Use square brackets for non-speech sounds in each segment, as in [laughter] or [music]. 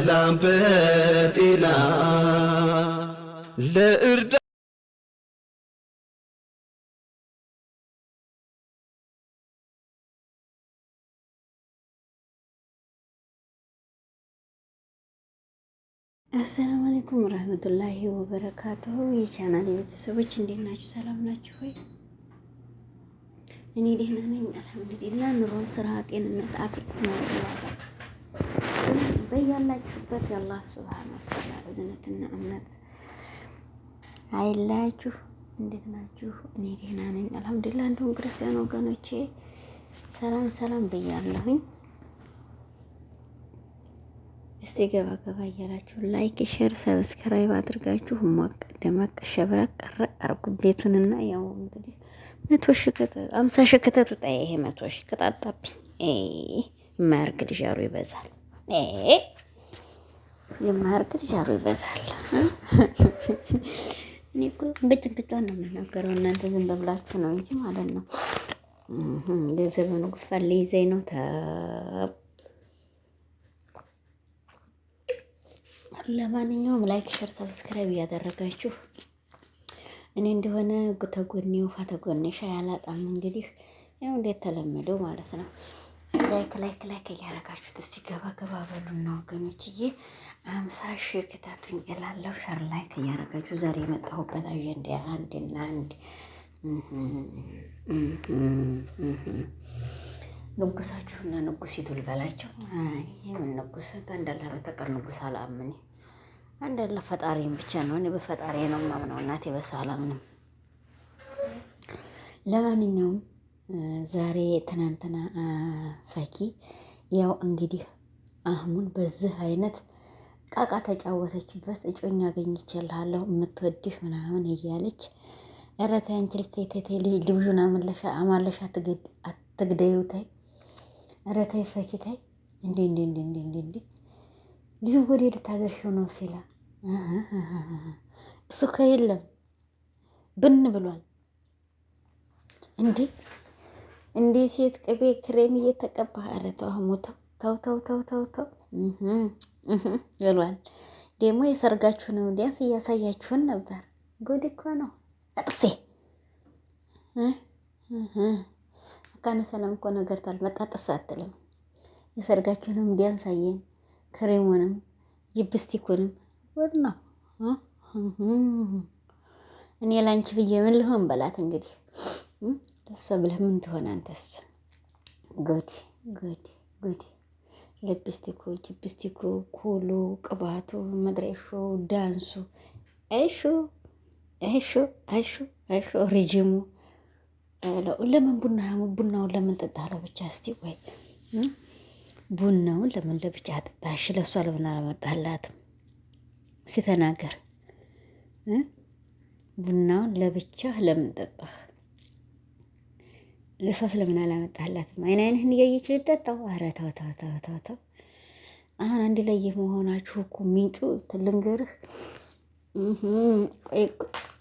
በሰላም በጤና ለእርዳ አሰላሙ አለይኩም ወራህመቱላሂ ወበረካቱሁ የቻናል ቤተሰቦች እንዴት ናችሁ? ሰላም ናችሁ ወይ? እኔ ደህና ነኝ፣ አልሐምዱሊላህ። ኑሮን፣ ስራ፣ ጤንነት አፍሪካ ነው። በያላችሁበት የአላህ ሱብሃነ ወተዓላ እዝነትና እምነት አይለያችሁ። እንዴት ናችሁ? እኔ ደህና ነኝ አልሐምዱሊላህ። እንዲሁም ክርስቲያን ወገኖቼ ሰላም ሰላም ብያለሁኝ። እስቲ ገባ ገባ እያላችሁ ላይክ፣ ሼር፣ ሰብስክራይብ አድርጋችሁ ሞቅ ደመቅ ሸብረቅ ቀረቅ አርጉ ቤቱንና ያው እንግዲህ መቶ ሺህ ከተቱ አምሳ ሺህ ከተቱ ጣይ ይሄ መቶ ሺህ ከጣጣብኝ የማያርግ ልጅ ይበዛል። የማያር ግን ጃሩ ይበዛል። እኔ እኮ እንቅጭ ነው የምናገረው፣ እናንተ ዝም ብላችሁ ነው እንጂ ማለት ነው። የዘመኑ ጉፋን ሊይዘኝ ነው። ለማንኛውም ላይክ፣ ሸር፣ ሰብስክራይብ እያደረጋችሁ እኔ እንደሆነ ተጎኔ ውፋ ሻይ ያላጣም እንግዲህ ያው እንደተለመደው ማለት ነው። ላይክ ላይክ ላይክ እያደረጋችሁት እስቲ ገባ ገባ በሉና ወገኖችዬ አምሳ ሺህ ክታቱኝ እላለሁ። ሸር ላይክ እያደረጋችሁ ዛሬ የመጣሁበት አጀንዳ አንድና አንድ ንጉሳችሁና ንጉሲቱ ልበላቸው። ይህምን ንጉስ አንዳላ በተቀር ንጉስ አላምን አንዳላ ፈጣሪን ብቻ ነው። እኔ በፈጣሪ ነው ማምነው እናቴ በሰው አላምንም። ለማንኛውም ዛሬ ትናንትና ፈኪ ያው እንግዲህ አህሙን በዚህ አይነት ቃቃ ተጫወተችበት። እጮኛ አገኝቼልሃለሁ የምትወድህ ምናምን እያለች ኧረ ተይ አንቺ ልታይ ተይ ተይ ልብዡን አትግደዩ ተይ ኧረ ተይ ፈኪ ተይ እንዲ እንዲ እንዲ እንዲ እንዲ እንዲ ልዩ ወደ ልታደርሽው ነው ሲላ እሱ ከየለም ብን ብሏል እንዴ እንዴ ሴት ቅቤ ክሬም እየተቀባህ ኧረ ተው አህሙ ተው ተው ተው ተው ተው ተው ብሏል። ደግሞ የሰርጋችሁን ዲያንስ እያሳያችሁን ነበር። ጉድ እኮ ነው። እጥሴ መካነ ሰላም እኮ ነገር ታልመጣ ጥስ አትልም። የሰርጋችሁንም ዲያንስ አየን፣ ክሬሙንም ጅብስቲኩንም ጉድ ነው። እኔ ላንቺ ብዬ ምን ልሆን በላት እንግዲህ ለእሷ ብለህ ምን ትሆን? አንተስ ጎድ ጎድ ጎድ ልፕስቲኩ ጅብስቲኩ፣ ኩሉ፣ ቅባቱ፣ መድረሹ፣ ዳንሱ፣ አይሹ አይሹ አይሹ አይሹ ሪጅሙ ለምን ቡና ቡናውን ለምን ጠጣህ ለብቻ? እስቲ ወይ ቡናውን ለምን ለብቻ ጠጣሽ? ለእሷ ለምን አላመጣላትም? ሲተናገር ቡናውን ለብቻ ለምን ጠጣህ? እሷ ስለምን አላመጣላትም? አይን አይንህን እያየች ልጠጣው። ኧረ ተው ተው ተው ተው። አሁን አንድ ላይ የመሆናችሁ እኮ ምንጩ ልንገርህ።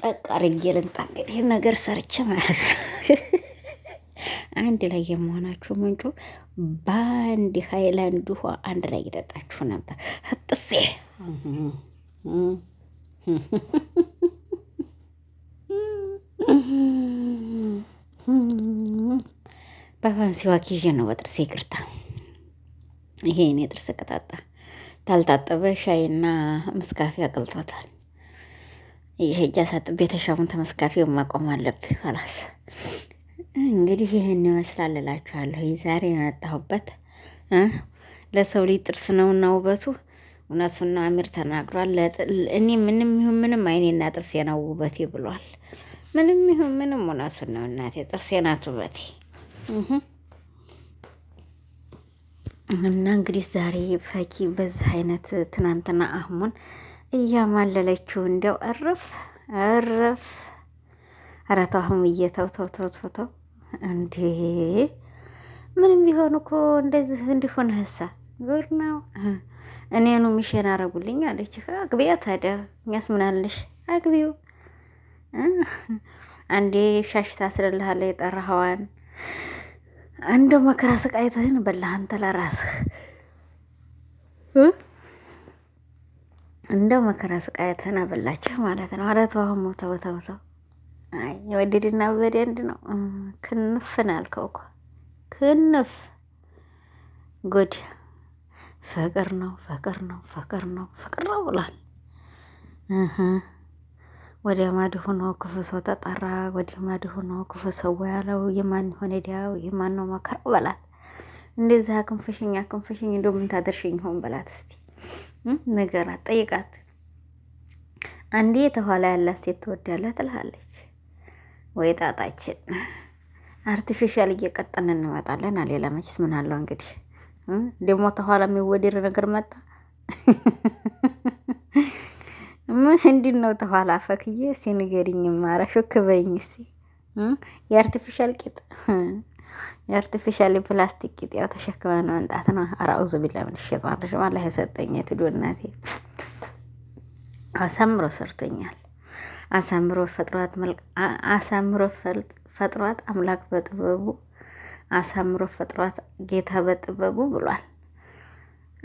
ጠቅ አድርጌ ልምጣ እንግዲህ ነገር ሰርች ማለት አንድ ላይ የመሆናችሁ ምንጩ በአንድ ሀይላንድ ውሃ አንድ ላይ እየጠጣችሁ ነበር። ጥሴ በፋንሲዋ ኪዤ ነው በጥርስ ይቅርታ። ይሄ እኔ ጥርስ ቅጣጣ ታልታጠበ ሻይና መስካፌ አቅልጦታል። የሸጃ ሳጥቤ የተሻሙን ተመስካፌ ማቆም አለብኝ። ከላስ እንግዲህ ይህን ይመስላል እላችኋለሁ። ዛሬ የመጣሁበት ለሰው ልጅ ጥርስ ነውና ውበቱ እውነቱና አሚር ተናግሯል። እኔ ምንም ይሁን ምንም አይኔና ጥርስ ነው ውበቴ ብሏል። ምንም ይሁን ምንም እውነቱን ነው እናቴ፣ ጥርሴ ናት ውበቴ። እና እንግዲህ ዛሬ ፈኪ በዚህ አይነት ትናንትና አህሙን እያማለለችው እንደው እርፍ እርፍ ኧረ ተው አህሙዬ ተው ተው ተው ተው እንዴ! ምንም ቢሆን እኮ እንደዚህ እንዲሆን ህሳ ጉድ ነው። እኔኑ ሚሽን አረጉልኝ አለች። አግቢያ ታዲያ እኛስ ምናለሽ? አግቢው [laughs] አንዴ ሻሽ ታስርልሃለ የጠራኸዋን እንደው መከራ ስቃይትህን በላህ አንተ ለራስህ እንደው መከራ ስቃየትህን አበላችህ ማለት ነው። አረ ተው አህሙ ተው ተው ተው። የወደድና በበድ አንድ ነው። ክንፍን አልከው እኮ ክንፍ ጉድ ፍቅር ነው ፍቅር ነው ፍቅር ነው ፍቅር ነው ብሏል። ወደ ማድ ሆኖ ክፉ ሰው ተጠራ፣ ወደ ማድ ሆኖ ክፉ ሰው ያለው የማን ሆነ ዲያው የማን ነው መከራው በላት። እንደዚህ አክንፈሽኝ አክንፈሽኝ እንደው ምን ታደርሽኝ ሆን በላት። እስቲ ንገራት፣ ጠይቃት። አንዴ የተኋላ ያላት ሴት ትወዳለህ ትልሃለች ወይ ጣጣችን አርቲፊሻል እየቀጠን እንመጣለን። አሌላ መችስ ምን አለው እንግዲህ ደግሞ ተኋላ የሚወደድ ነገር መጣ። ምንድን ነው ተኋላ ፈክዬ? እስቲ ንገሪኝ ማራ ሹክ በይኝ እስቲ። የአርቲፊሻል ቂጥ የአርቲፊሻል የፕላስቲክ ቂጥ ያው ተሸክመ ነው መምጣት ነው። አራውዙ ቢላ ምን ሸጣለሽ ረሽማ ላይ የሰጠኝ ትዶ እናቴ አሳምሮ ሰርቶኛል። አሳምሮ ፈጥሯት አሳምሮ ፈጥሯት አምላክ በጥበቡ አሳምሮ ፈጥሯት ጌታ በጥበቡ ብሏል።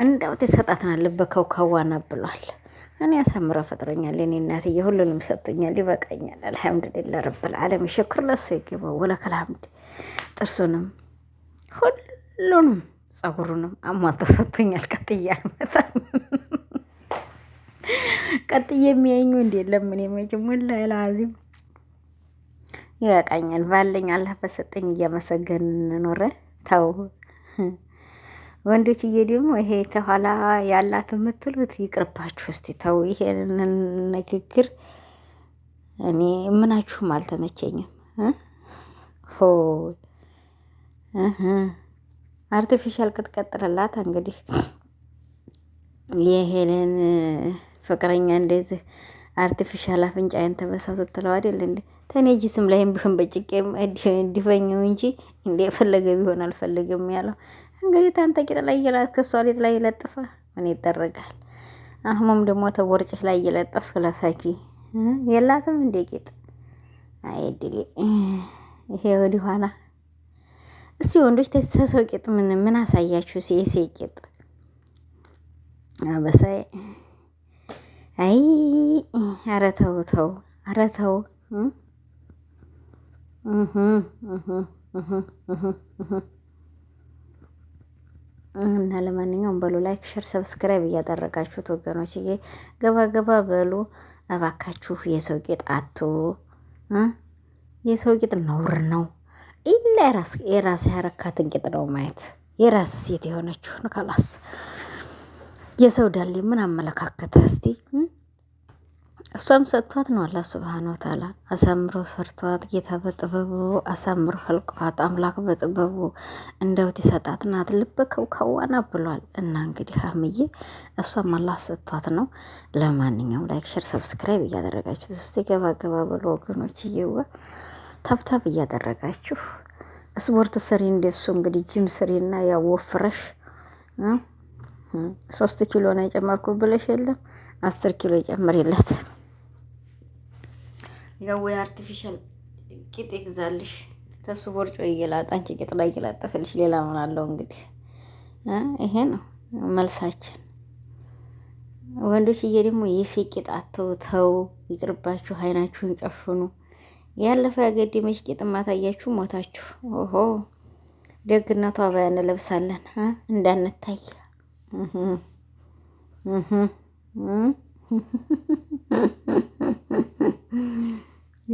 እንዳውት ይሰጣትናል በከውካዋና ብሏል። እኔ አሳምረው ፈጥሮኛል። እኔ እናትዬ ሁሉንም ሰጡኛል፣ ይበቃኛል። አልሐምዱሊላ ረብል ዓለም ሽክር ለሱ ይገባው ወለከል ሐምድ። ጥርሱንም ሁሉንም ጸጉሩንም አሟቶ ሰጥቶኛል። ቀጥዬ አልመጣም። ቀጥዬ የሚያኙ እንዲ የለም። እኔ መቼም ይበቃኛል። ባለኝ አላህ በሰጠኝ እያመሰገን እንኖረ ተው ወንዶችዬ ደግሞ ይሄ ተኋላ ያላት የምትሉት ይቅርባችሁ፣ እስቲ ተው። ይሄንን ንግግር እኔ ምናችሁም አልተመቸኝም። ሆ አርቲፊሻል ቅጥቀጥልላት እንግዲህ የሄለን ፍቅረኛ እንደዚህ አርቲፊሻል አፍንጫ ተበሳው ስትለው አይደል እንዴ? ተኔ ስም ላይም ቢሆን በጭቄም እንዲፈኘው እንጂ እንደ ፈለገ ቢሆን አልፈልግም ያለው እንግዲህ ታንተ ቂጥ ላይ እየላክ እሷ ሊጥ ላይ ለጥፈ ምን ይደረጋል? አህሙም ደግሞ ተቦርጭሽ ላይ እየለጠፍ ለፈኪ የላትም እንደ ቂጥ አይድል ይሄ ወዲ ኋላ። እስቲ ወንዶች ተሰሰው ቂጥ ምን ምን አሳያችሁ? ሲሴ ቂጥ አበሳይ አይ ኧረ ተው ተው ኧረ ተው እህ እህ እህ እህ እና ለማንኛውም በሉ ላይክ፣ ሸር፣ ሰብስክራይብ እያደረጋችሁት ወገኖችዬ ገባ ገባ በሉ እባካችሁ። የሰው ጌጥ አቶ የሰው ጌጥ ነውር ነው። ኢላ የራስ ያረካትን ጌጥ ነው ማየት የራስ ሴት የሆነችውን ካላስ የሰው ዳሌ ምን አመለካከተ እስቲ እሷም ሰጥቷት ነው አላህ ስብሃነ ወተዓላ አሳምሮ ሰርቷት ጌታ በጥበቡ አሳምሮ ህልቋት አምላክ በጥበቡ እንደውት ይሰጣት ናት። ልበከው ከዋና ብሏል እና እንግዲህ ሀምዬ እሷም አላህ ሰጥቷት ነው። ለማንኛውም ላይክ፣ ሸር፣ ሰብስክራይብ እያደረጋችሁ እስቲ ገባ ገባ ብሎ ወገኖች እየወ ታብታብ እያደረጋችሁ ስፖርት ስሪ እንደሱ እንግዲህ ጅም ስሪና ያው ወፍረሽ ሶስት ኪሎ ነው የጨመርኩ ብለሽ የለም አስር ኪሎ ይጨምር የለት የወይ አርቲፊሻል ቂጥ ይግዛልሽ። ተሱ ቦርጮ እየላጣ አንቺ ቂጥ ላይ እየላጠፈልሽ ሌላ ምን አለው እንግዲህ። ይሄ ነው መልሳችን። ወንዶች እየ ደግሞ የሴት ቂጥ ተው ይቅርባችሁ፣ አይናችሁን ጨፍኑ። ያለፈ ያገደመች ቂጥ ማታያችሁ ሞታችሁ። ኦሆ ደግነቷ አበያ እንለብሳለን እንዳንታይ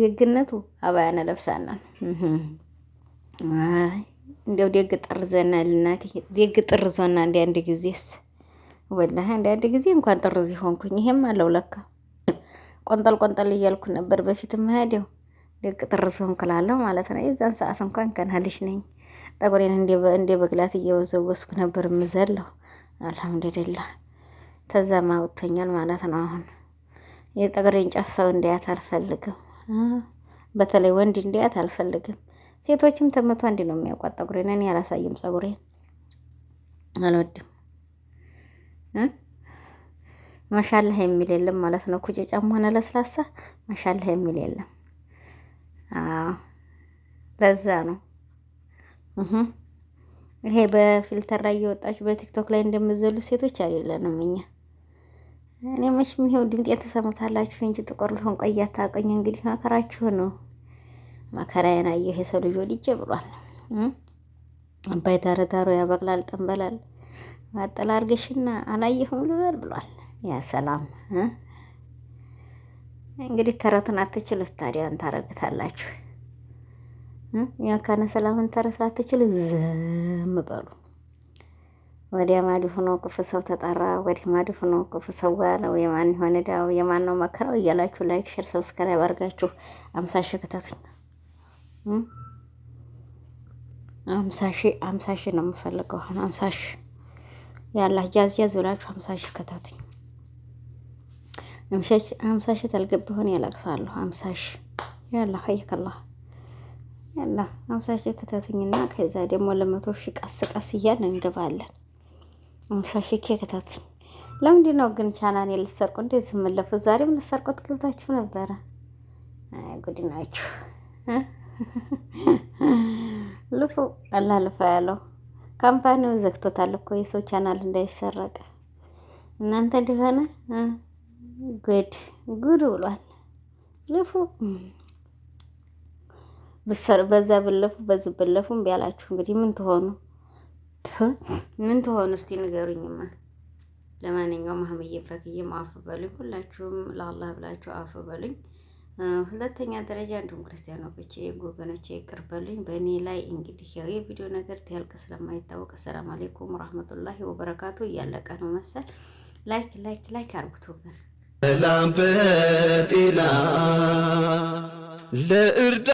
ደግነቱ አባያነ ለብሳናል። አይ እንደው ደግ ጠርዘናል እናቴ፣ ደግ ጥርዞና እንዲ አንድ ጊዜስ ወላሂ እንዲ አንድ ጊዜ እንኳን ጥርዝ ሆንኩኝ። ይሄም አለው ለካ ቆንጠል ቆንጠል እያልኩ ነበር በፊት ሄደው ደግ ጥርዞን ክላለሁ ማለት ነው። የዛን ሰዓት እንኳን ከናልሽ ነኝ ጠጉሬን እንደ በግላት እየወዘወስኩ ነበር ምዘለሁ። አልሐምዱሊላህ ተዛማ ወጥቶኛል ማለት ነው። አሁን የጠጉሬን ጫፍ ሰው እንዲያት አልፈልግም። በተለይ ወንድ እንዲያት አልፈልግም። ሴቶችም ተመቶ አንድ ነው የሚያውቋት ፀጉሬን። እኔ አላሳይም ፀጉሬን አልወድም። ማሻላህ የሚል የለም ማለት ነው። ኩጭጫም ሆነ ለስላሳ ማሻላህ የሚል የለም። ለዛ ነው ይሄ ላይ እየወጣች በቲክቶክ ላይ እንደምዘሉ ሴቶች አይደለንም እኛ። እኔ መቼም ይሄው ድምጤን ተሰሙታላችሁ እንጂ ጥቁር ልሆን ቆይ አታውቁኝ። እንግዲህ መከራችሁ ነው መከራዬን አየሁ። የሰው ልጅ ወድጄ ብሏል። አባይ ዳረዳሮ ያበቅላል ጠንበላል ማጠላ አርገሽና አላየሁም ልበል ብሏል። ያ ሰላም እንግዲህ ተረቱን አትችል ታዲያን ታረግታላችሁ። ያ ካነ ሰላምን ተረት አትችል ዝም በሉ። ወዲያ ማዲ ሆኖ ክፉ ሰው ተጠራ፣ ወዲህ ማዲ ሆኖ ክፉ ሰው ዋለው። የማን ሆነ ዳው የማን ነው መከራው እያላችሁ ላይክ፣ ሼር፣ ሰብስክራይብ አድርጋችሁ አምሳ ሺ ክተቱኝ። አምሳ ሺ አምሳ ሺ ነው የምፈልገው አሁን አምሳ ሺ ያላ ያዝ ያዝ ብላችሁ አምሳ ሺ ክተቱኝ። አምሳ ሺ ተልገብ ሆን ያለቅሳለሁ። አምሳ ሺ ያላ ሀይከላ ያላ አምሳ ሺ ክተቱኝና ከዛ ደግሞ ለመቶ ሺህ ቀስ ቀስ እያልን እንገባለን። ሸሽኬ ክተት ለምንድ ነው ግን ቻናን የልሰርቁ እንዴ ዝምለፉ ዛሬም ልሰርቁት ገብታችሁ ነበረ። ጉድ ናችሁ። [laughs] ልፉ አላልፋ ያለው ካምፓኒው ዘግቶታል እኮ የሰው ቻናል እንዳይሰረቅ እናንተ እንደሆነ ጉድ ጉድ ብሏል። ልፉ በዛ ብለፉ በዚህ ብለፉ ቢያላችሁ እንግዲህ ምን ትሆኑ? ምን ትሆኑ እስቲ ንገሩኝማ። ለማንኛውም አህምዬ ፈክዬም አፍ በሉኝ፣ ሁላችሁም ለአላህ ብላችሁ አፍ በሉኝ። ሁለተኛ ደረጃ እንዲሁም ክርስቲያን ወገኖቼ ጎገኖቼ ይቅር በሉኝ። በእኔ ላይ እንግዲህ ያው የቪዲዮ ነገር ትያልቅ ስለማይታወቅ አሰላም አሌይኩም ወራህመቱላሂ ወበረካቱ እያለቀ ነው መሰል። ላይክ ላይክ ላይክ አርጉት ወገን ለእርዳ